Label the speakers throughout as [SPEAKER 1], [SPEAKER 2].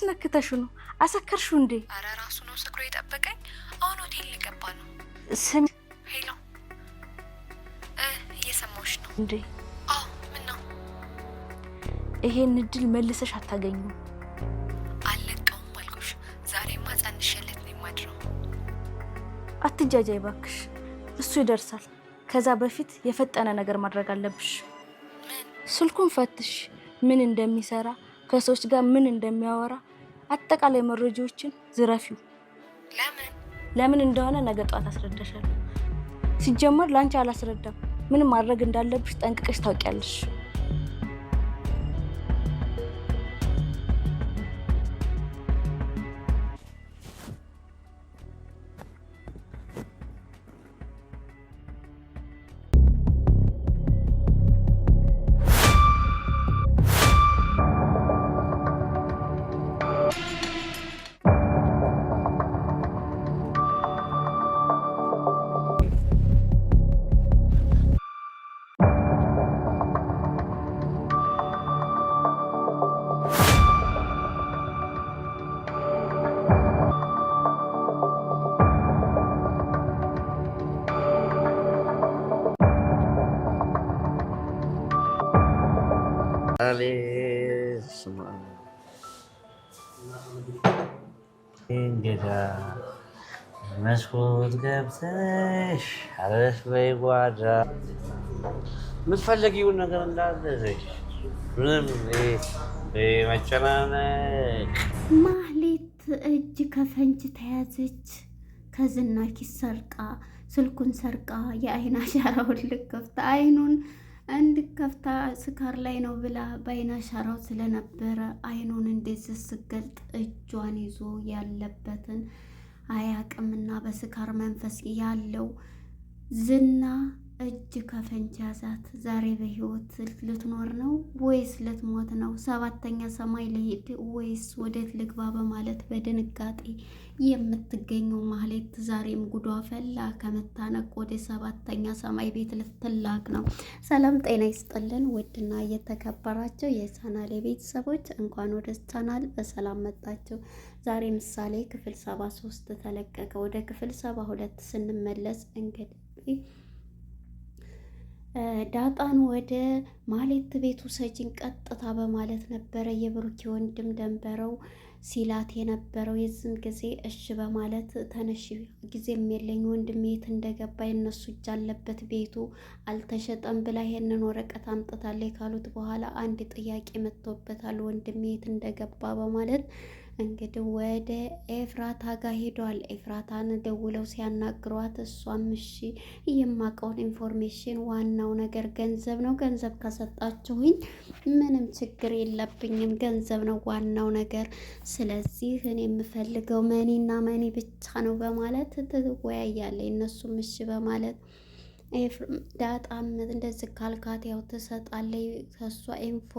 [SPEAKER 1] ትነክተሹ ነው? አሰከርሹ እንዴ?
[SPEAKER 2] አረ ራሱ ነው ሰክሮ የጠበቀኝ። አሁን ሆቴል ሊገባ
[SPEAKER 1] ነው። ስም
[SPEAKER 2] ሄሎ፣ እየሰማሁሽ ነው። እንዴ? አዎ። ምን ነው?
[SPEAKER 1] ይሄን እድል መልሰሽ አታገኙም።
[SPEAKER 2] አለቀውም አልኩሽ። ዛሬማ ጸንሼለት ነው
[SPEAKER 1] የማድረው። አትጃጃይ ባክሽ፣ እሱ ይደርሳል። ከዛ በፊት የፈጠነ ነገር ማድረግ አለብሽ። ስልኩን ፈትሽ፣ ምን እንደሚሰራ ከሰዎች ጋር ምን እንደሚያወራ አጠቃላይ መረጃዎችን ዝረፊው። ለምን ለምን እንደሆነ ነገ ጠዋት አስረዳሻለሁ። ሲጀመር ለአንቺ አላስረዳም። ምን ማድረግ እንዳለብሽ ጠንቅቀሽ ታውቂያለሽ።
[SPEAKER 3] እንግዳ መስኮት ገብተሽ አረፍ በይ ጓዳ የምትፈለጊውን ነገር እንዳዘዘሽ ምንም መጨናነቅ።
[SPEAKER 4] ማህሌት እጅ ከፈንጅ ተያዘች። ከዝና ኪስ ሰርቃ ስልኩን ሰርቃ የአይን አሻራውን ልክ አይኑን አንድ ከፍታ ስካር ላይ ነው ብላ በአይነ አሻራው ስለነበረ አይኑን እንደዚህ ስገልጥ እጇን ይዞ ያለበትን አያቅምና በስካር መንፈስ ያለው ዝና እጅ ከፈንጅ ያዛት። ዛሬ በህይወት ልትኖር ነው ወይስ ልትሞት ነው? ሰባተኛ ሰማይ ልሂድ ወይስ ወዴት ልግባ? በማለት በድንጋጤ የምትገኘው ማህሌት ዛሬም ጉዷ ፈላ። ከመታነቅ ወደ ሰባተኛ ሰማይ ቤት ልትላክ ነው። ሰላም ጤና ይስጥልን። ውድና እየተከበራቸው የቻናል ቤተሰቦች እንኳን ወደ ቻናል በሰላም መጣቸው። ዛሬ ምሳሌ ክፍል ሰባ ሶስት ተለቀቀ። ወደ ክፍል ሰባ ሁለት ስንመለስ እንግዲህ ዳጣን ወደ ማሌት ቤቱ ሰጅን ቀጥታ በማለት ነበረ የብሩኪ ወንድም ደንበረው ሲላት የነበረው። የዝም ጊዜ እሽ በማለት ተነሽ፣ ጊዜም የለኝ ወንድም የት እንደገባ የነሱ እጅ አለበት ቤቱ አልተሸጠም ብላ ይሄንን ወረቀት አምጥታለች ካሉት በኋላ አንድ ጥያቄ መጥቶበታል፣ ወንድም የት እንደገባ በማለት እንግዲህ ወደ ኤፍራታ ጋር ሄዷል። ኤፍራታን ደውለው ሲያናግሯት እሷም እሺ የማውቀውን ኢንፎርሜሽን፣ ዋናው ነገር ገንዘብ ነው፣ ገንዘብ ከሰጣችሁኝ ምንም ችግር የለብኝም፣ ገንዘብ ነው ዋናው ነገር፣ ስለዚህ እኔ የምፈልገው መኒ መኒና መኒ ብቻ ነው በማለት ትወያያለ። እነሱም እሺ በማለት ዳጣም እንደዚህ ካልካት ያው ትሰጣለች፣ ከእሷ ኢንፎ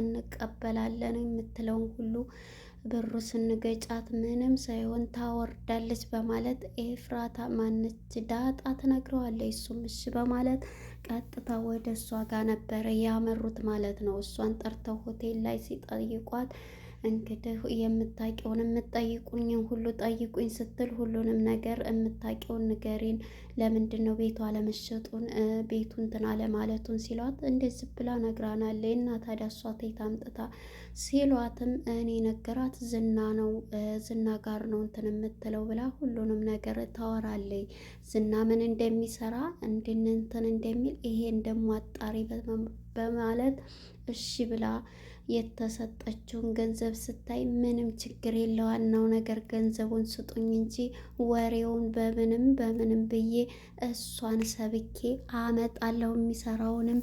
[SPEAKER 4] እንቀበላለን የምትለውን ሁሉ ብሩ ስንገጫት ምንም ሳይሆን ታወርዳለች በማለት ኤፍራታ ማነች ዳጣ ትነግረዋለች። እሱም እሺ በማለት ቀጥታ ወደ እሷ ጋር ነበረ ያመሩት ማለት ነው። እሷን ጠርተው ሆቴል ላይ ሲጠይቋት እንግዲህ የምታውቂውን የምትጠይቁኝን ሁሉ ጠይቁኝ ስትል ሁሉንም ነገር የምታውቂውን ንገሪን፣ ለምንድን ነው ቤቷ አለመሸጡን ቤቱ እንትን አለማለቱን ሲሏት እንደዚህ ብላ ነግራናለች። እና ታዲያ እሷ አምጥታ ሲሏትም እኔ ነገራት ዝና ነው ዝና ጋር ነው እንትን የምትለው ብላ ሁሉንም ነገር ታወራለይ። ዝና ምን እንደሚሰራ እንድንንትን እንደሚል ይሄ አጣሪ በማለት እሺ ብላ የተሰጠችውን ገንዘብ ስታይ ምንም ችግር የለው፣ ዋናው ነገር ገንዘቡን ስጡኝ እንጂ ወሬውን በምንም በምንም ብዬ እሷን ሰብኬ አመጣለሁ፣ የሚሰራውንም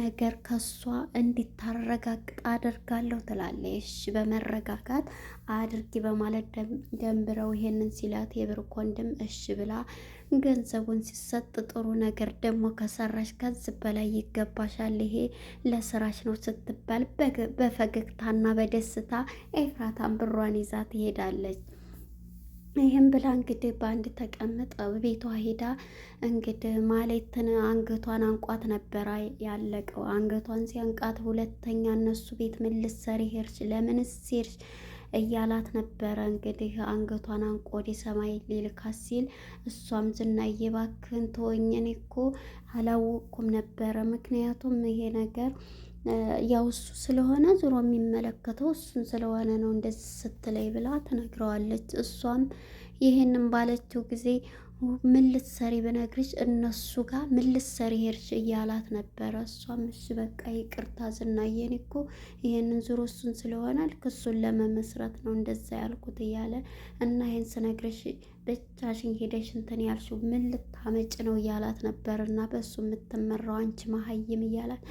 [SPEAKER 4] ነገር ከእሷ እንዲታረጋግጥ አደርጋለሁ ትላለች። በመረጋጋት አድርጊ በማለት ደንብረው ይሄንን ሲላት የብር ወንድም እሺ ብላ ገንዘቡን ሲሰጥ ጥሩ ነገር ደግሞ ከሰራሽ ከዚህ በላይ ይገባሻል፣ ይሄ ለስራሽ ነው ስትባል በፈገግታና በደስታ ኤፍራታን ብሯን ይዛ ትሄዳለች። ይህም ብላ እንግዲህ በአንድ ተቀምጠ ቤቷ ሄዳ እንግዲህ ማሌትን አንገቷን አንቋት ነበረ ያለቀው። አንገቷን ሲያንቃት ሁለተኛ እነሱ ቤት ምን ልትሰሪ ሄድሽ? ለምንስ ሄድሽ? እያላት ነበረ። እንግዲህ አንገቷን አንቆ ወደ ሰማይ ሊልካት ሲል እሷም ዝናዬ እባክህን ተወኝ፣ እኔ እኮ አላወቅኩም ነበረ። ምክንያቱም ይሄ ነገር ያው እሱ ስለሆነ ዞሮ የሚመለከተው እሱን ስለሆነ ነው እንደዚህ ስትለይ ብላ ትነግረዋለች። እሷም ይህንም ባለችው ጊዜ ምን ልትሰሪ ብነግርሽ እነሱ ጋር ምን ልትሰሪ ሄድሽ እያላት ነበረ። እሷም እሺ በቃ ይቅርታ ዝናየን እኮ ይሄንን ዙሮ እሱን ስለሆነ ክሱን ለመመስረት ነው እንደዛ ያልኩት እያለ እና ይህን ስነግርሽ ብቻሽን ሄደሽ እንትን ያልሽው ምን ልታመጭ ነው እያላት ነበር። እና በእሱ የምትመራው አንቺ መሀይም እያላት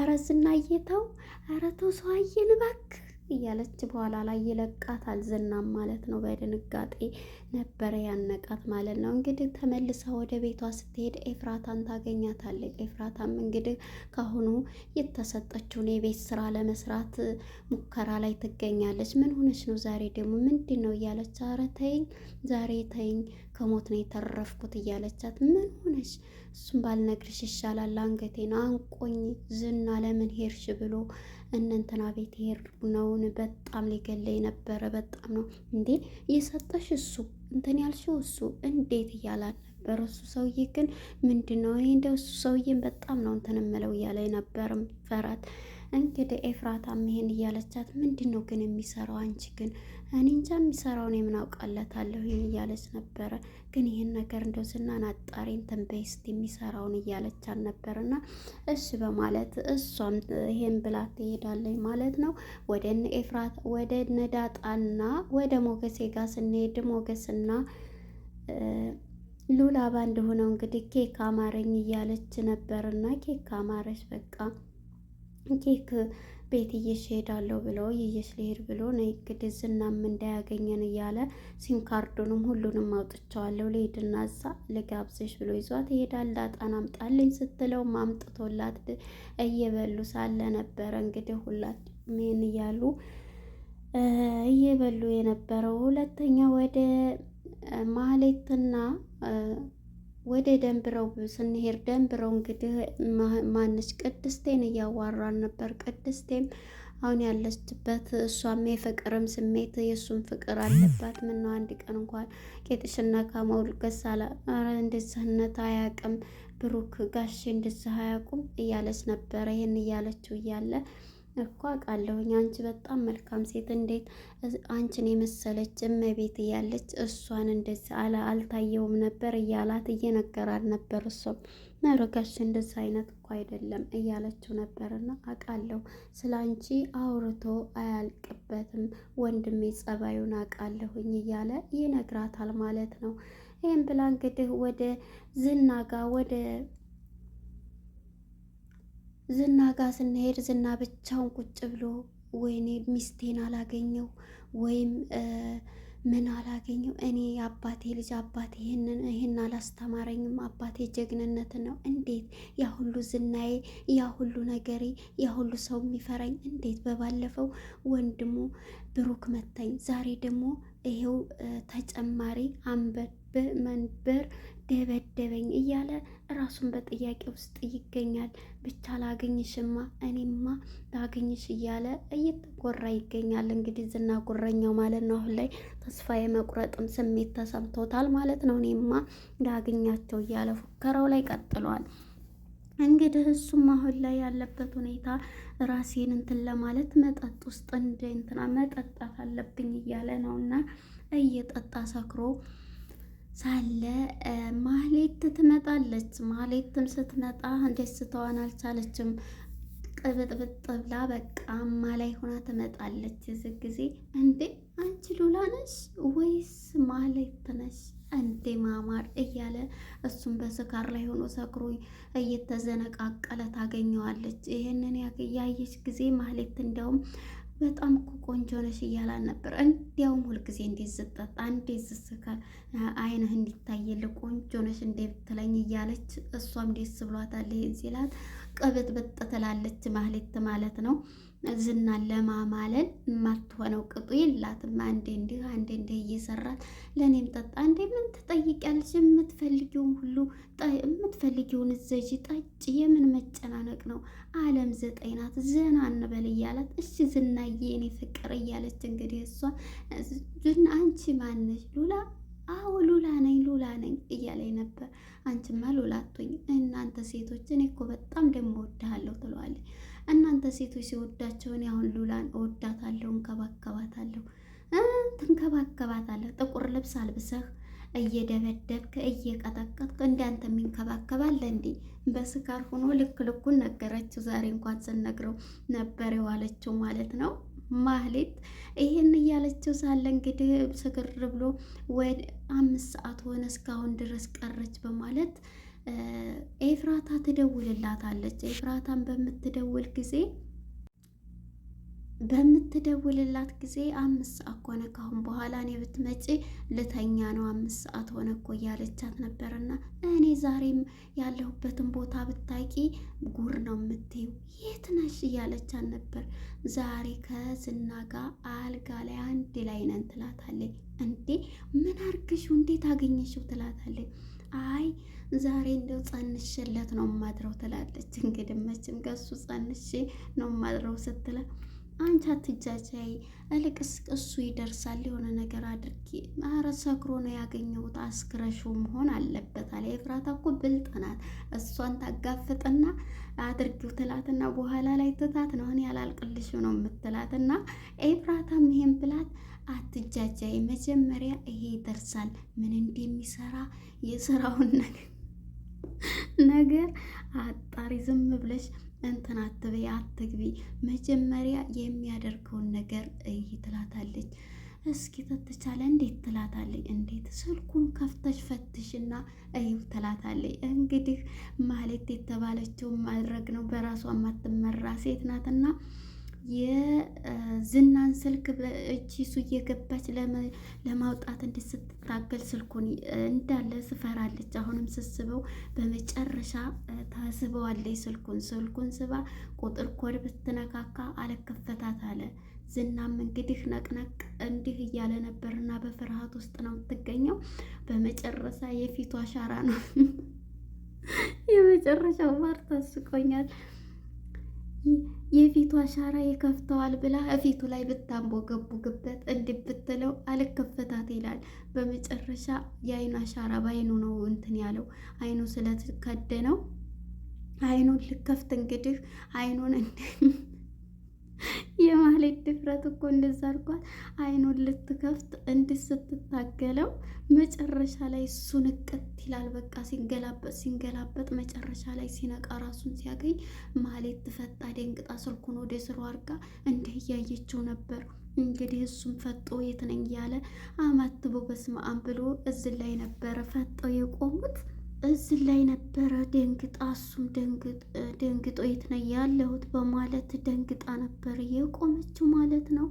[SPEAKER 4] አረ ዝናዬ ተው፣ ኧረ ተው ሰውዬን እባክህ እያለች በኋላ ላይ ይለቃታል ዝናም ማለት ነው። በድንጋጤ ነበረ ያነቃት ማለት ነው። እንግዲህ ተመልሳ ወደ ቤቷ ስትሄድ ኤፍራታን ታገኛታለች። ኤፍራታም እንግዲህ ካሁኑ የተሰጠችውን የቤት ስራ ለመስራት ሙከራ ላይ ትገኛለች። ምን ሆነች ነው ዛሬ ደግሞ ምንድን ነው እያለች፣ ኧረ ተይኝ ዛሬ ተይኝ ከሞት ነው የተረፍኩት እያለቻት፣ ምን ሆነች እሱም ባልነግርሽ ይሻላል አንገቴን አንቆኝ ዝና ለምን ሄርሽ ብሎ እነንትና ቤት ነውን በጣም ሊገለኝ ነበረ። በጣም ነው እንዴ እየሰጠሽ እሱ እንትን ያልሽው እሱ እንዴት እያላል ነበር። እሱ ሰውዬ ግን ምንድን ነው እኔ እንደው እሱ ሰውዬን በጣም ነው እንትን እምለው እያለ ነበርም ፈራት እንግዲህ ኤፍራታም ይሄን እያለቻት ምንድን ነው ግን የሚሰራው አንቺ ግን እኔ እንጃ የሚሰራውን የምናውቃለታለሁ ይህን እያለች ነበረ። ግን ይህን ነገር እንደው ዝናን አጣሪን ተንበይስት የሚሰራውን እያለቻት ነበርና እሺ በማለት እሷም ይሄን ብላ ትሄዳለች ማለት ነው። ወደ ኤፍራት ወደ ነዳጣና ወደ ሞገሴ ጋር ስንሄድ ሞገስና ሉላ ባንድ ሆነው እንግዲህ ኬክ አማረኝ እያለች ነበርና ኬክ አማረች በቃ ኬክ ቤት እየሽ ሄዳለሁ ብሎ እየሽ ልሄድ ብሎ ነይ እንግዲህ ዝናም እንዳያገኘን እያለ ሲም ካርዱንም ሁሉንም አውጥቼዋለሁ ልሄድና እዛ ልጋብዝሽ ብሎ ይዟት ይሄዳል። ዳጣን አምጣልኝ ስትለው ማምጥቶላት እየበሉ ሳለ ነበረ እንግዲህ ሁላችንም ይሄን እያሉ እየበሉ የነበረው ሁለተኛ ወደ ማህሌትና ወደ ደንብረው ስንሄድ ደንብረው እንግዲህ ማነች ቅድስቴን እያዋራን ነበር። ቅድስቴም አሁን ያለችበት እሷም የፍቅርም ስሜት የእሱም ፍቅር አለባት። ነው አንድ ቀን እንኳን ቄጥሽና ካማውል ገሳላ እንደዚህነት አያውቅም ብሩክ ጋሽ እንደዚህ አያውቁም እያለች ነበረ። ይህን እያለችው እያለ እኮ አውቃለሁኝ አንቺ በጣም መልካም ሴት፣ እንዴት አንቺን የመሰለች እመቤት እያለች እሷን እንደዚህ አልታየውም ነበር እያላት እየነገራል ነበር። እሷም መሮጋሽ እንደዚህ አይነት እኮ አይደለም እያለችው ነበርና አውቃለሁ ስለ አንቺ አውርቶ አያልቅበትም ወንድሜ፣ ጸባዩን አውቃለሁኝ እያለ ይነግራታል ማለት ነው። ይህም ብላ እንግዲህ ወደ ዝናጋ ወደ ዝና ጋር ስንሄድ ዝና ብቻውን ቁጭ ብሎ ወይኔ ሚስቴን አላገኘው ወይም ምን አላገኘው፣ እኔ አባቴ ልጅ አባቴ ይህንን ይህን አላስተማረኝም፣ አባቴ ጀግንነት ነው። እንዴት ያ ሁሉ ዝናዬ፣ ያ ሁሉ ነገሬ፣ ያ ሁሉ ሰው የሚፈራኝ እንዴት በባለፈው ወንድሙ ብሩክ መታኝ፣ ዛሬ ደግሞ ይሄው ተጨማሪ አንበብ መንበር ደበደበኝ እያለ ራሱን በጥያቄ ውስጥ ይገኛል። ብቻ ላገኝሽማ እኔማ ላገኝሽ እያለ እየተጎራ ይገኛል። እንግዲህ ዝና ጉረኛው ማለት ነው። አሁን ላይ ተስፋ የመቁረጥም ስሜት ተሰምቶታል ማለት ነው። እኔማ ላገኛቸው እያለ ፉከራው ላይ ቀጥሏል። እንግዲህ እሱም አሁን ላይ ያለበት ሁኔታ ራሴን እንትን ለማለት መጠጥ ውስጥ እንደ እንትና መጠጣት አለብኝ እያለ ነው እና እየጠጣ ሰክሮ ሳለ ማህሌት ትመጣለች። ማህሌትም ስትመጣ ደስታዋን አልቻለችም። ቅብጥብጥ ብላ በቃ አማ ላይ ሆና ትመጣለች። እዚህ ጊዜ እንዴ አንቺ ሉላ ነሽ ወይስ ማህሌት ነሽ? እንዴ ማማር እያለ እሱም በስካር ላይ ሆኖ ሰክሮ እየተዘነቃቀለ ታገኘዋለች። ይህንን ያየች ጊዜ ማህሌት እንደውም በጣም እኮ ቆንጆ ነሽ እያላን ነበር። እንዲያውም ሁልጊዜ እንዴት ዝጠጣ እንዴት ዝስከ አይንህ እንዲታየል ቆንጆ ነሽ እንዴት ትለኝ እያለች እሷም ደስ ብሏታል ይሄን ሲላት ቅብጥብጥ ትላለች ማህሌት ማለት ነው። ዝናን ለማማለል የማትሆነው ቅጡ የላትም። አንዴ እንዲህ አንዴ እንዲህ እየሰራት ለእኔም ጠጣ እንዴ ምን ትጠይቂያለሽ? የምትፈልጊውን ሁሉ የምትፈልጊውን እዘዥ ጠጭ። የምን መጨናነቅ ነው? አለም ዘጠኝ ናት። ዘና እንበል እያላት እሺ ዝናዬ፣ የኔ ፍቅር እያለች እንግዲህ እሷ ዝና አንቺ ማነሽ ሉላ አዎ ሉላ ነኝ ሉላ ነኝ እያለኝ ነበር። አንቺማ ሉላ አትሆኝ። እናንተ ሴቶች እኔ እኮ በጣም ደግሞ እወድሃለሁ ትለዋለች። እናንተ ሴቶች ሲወዳቸውን አሁን ሉላን እወዳታለሁ፣ እንከባከባታለሁ፣ ትንከባከባታለህ ጥቁር ልብስ አልብሰህ እየደበደብክ እየቀጠቀጥክ እንዳንተ የሚንከባከባለ እንዴ? በስካር ሆኖ ልክ ልኩን ነገረችው። ዛሬ እንኳን ስነግረው ነበር የዋለችው ማለት ነው። ማህሌት ይሄን እያለችው ሳለ እንግዲህ ስግር ብሎ ወደ አምስት ሰዓት ሆነ እስካሁን ድረስ ቀረች በማለት ኤፍራታ ትደውልላታለች። ኤፍራታን በምትደውል ጊዜ በምትደውልላት ጊዜ አምስት ሰዓት ከሆነ ካሁን በኋላ እኔ ብትመጪ ልተኛ ነው አምስት ሰዓት ሆነ እኮ እያለቻት ነበርና እኔ ዛሬም ያለሁበትን ቦታ ብታቂ ጉር ነው የምትይው የት ነሽ እያለቻት ነበር። ዛሬ ከዝና ጋር አልጋ ላይ አንድ ላይ ነን ትላታለች። እንዴ ምን አርግሽው እንዴት አገኘሽው ትላታለች። አይ ዛሬ እንደው ጸንሽለት ነው ማድረው ትላለች። እንግዲህ መቼም ከሱ ጸንሼ ነው ማድረው ስትለ አንቺ አትጃጃይ፣ እልቅስ እሱ ይደርሳል። የሆነ ነገር አድርጊ። ኧረ ሰክሮ ነው ያገኘሁት፣ አስክረሽው መሆን አለበት አለ። ኤፍራታ እኮ ብልጥ ናት። እሷን ታጋፍጥና አድርጊው ትላትና በኋላ ላይ ትታት ነው እኔ ያላልቅልሽ ነው የምትላትና ኤፍራታም ይሄን ብላት አትጃጃይ፣ መጀመሪያ ይሄ ይደርሳል። ምን እንደሚሰራ የስራውን ነገር ነገር አጣሪ ዝም ብለሽ እንትን አትበይ አትግቢ፣ መጀመሪያ የሚያደርገውን ነገር እይ ትላታለች። እስኪ ተተቻለ እንዴት ትላታለች። እንዴት ስልኩን ከፍተሽ ፈትሽና እዩ ትላታለች። እንግዲህ ማለት የተባለችው ማድረግ ነው። በራሷ የማትመራ ሴት ናትና የዝናን ስልክ በእጅ ሱ እየገባች ለማውጣት ስትታገል ስልኩን እንዳለ ስፈራለች። አሁንም ስስበው በመጨረሻ ታስበዋለች። ስልኩን ስልኩን ስባ ቁጥር ኮድ ብትነካካ አለከፈታት አለ። ዝናም እንግዲህ ነቅነቅ እንዲህ እያለ ነበርና በፍርሃት ውስጥ ነው የምትገኘው። በመጨረሻ የፊቱ አሻራ ነው የመጨረሻው ማርታ ስቆኛል። የፊቱ አሻራ ይከፍተዋል ብላ እፊቱ ላይ ግበት እንዲ ብትለው አልከፈታት ይላል። በመጨረሻ የአይኑ አሻራ በአይኑ ነው እንትን ያለው አይኑ ስለከደነው አይኑን ልከፍት እንግዲህ አይኑን የማህሌት ድፍረት እኮ እንደዛ አድርጓል። አይኑን ልትከፍት እንዲህ ስትታገለው መጨረሻ ላይ እሱ ንቅት ይላል። በቃ ሲንገላበጥ ሲንገላበጥ መጨረሻ ላይ ሲነቃ ራሱን ሲያገኝ ማህሌት ፈጣ ደንግጣ ስልኩን ወደ ስሩ አድርጋ እንዲህ እያየችው ነበር። እንግዲህ እሱም ፈጦ የት ነኝ እያለ አማትቦ በስመ አብ ብሎ እዝን ላይ ነበረ ፈጠው የቆሙት። እዚህ ላይ ነበረ ደንግጣ እሱም ደንግጦ የት ነው ያለሁት በማለት ደንግጣ ነበር የቆመችው ማለት ነው።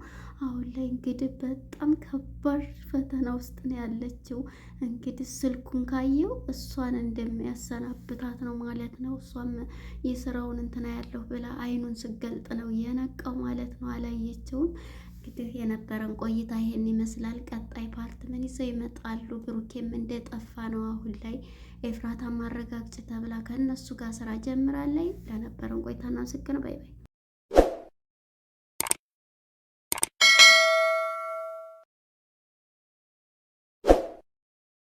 [SPEAKER 4] አሁን ላይ እንግዲህ በጣም ከባድ ፈተና ውስጥ ነው ያለችው። እንግዲህ ስልኩን ካየው እሷን እንደሚያሰናብታት ነው ማለት ነው። እሷም የስራውን እንትና ያለሁ ብላ አይኑን ስገልጥ ነው የነቀው ማለት ነው። አላየችውም። እንግዲህ የነበረን ቆይታ ይሄን ይመስላል። ቀጣይ ፓርት ምን ይዘው ይመጣሉ? ብሩኬም እንደጠፋ ነው አሁን ላይ ኤፍራታ ማረጋግጭ ተብላ ከእነሱ ጋር ስራ ጀምራለች። ለነበረን ቆይታ እናመሰግናለን። ባይ ባይ።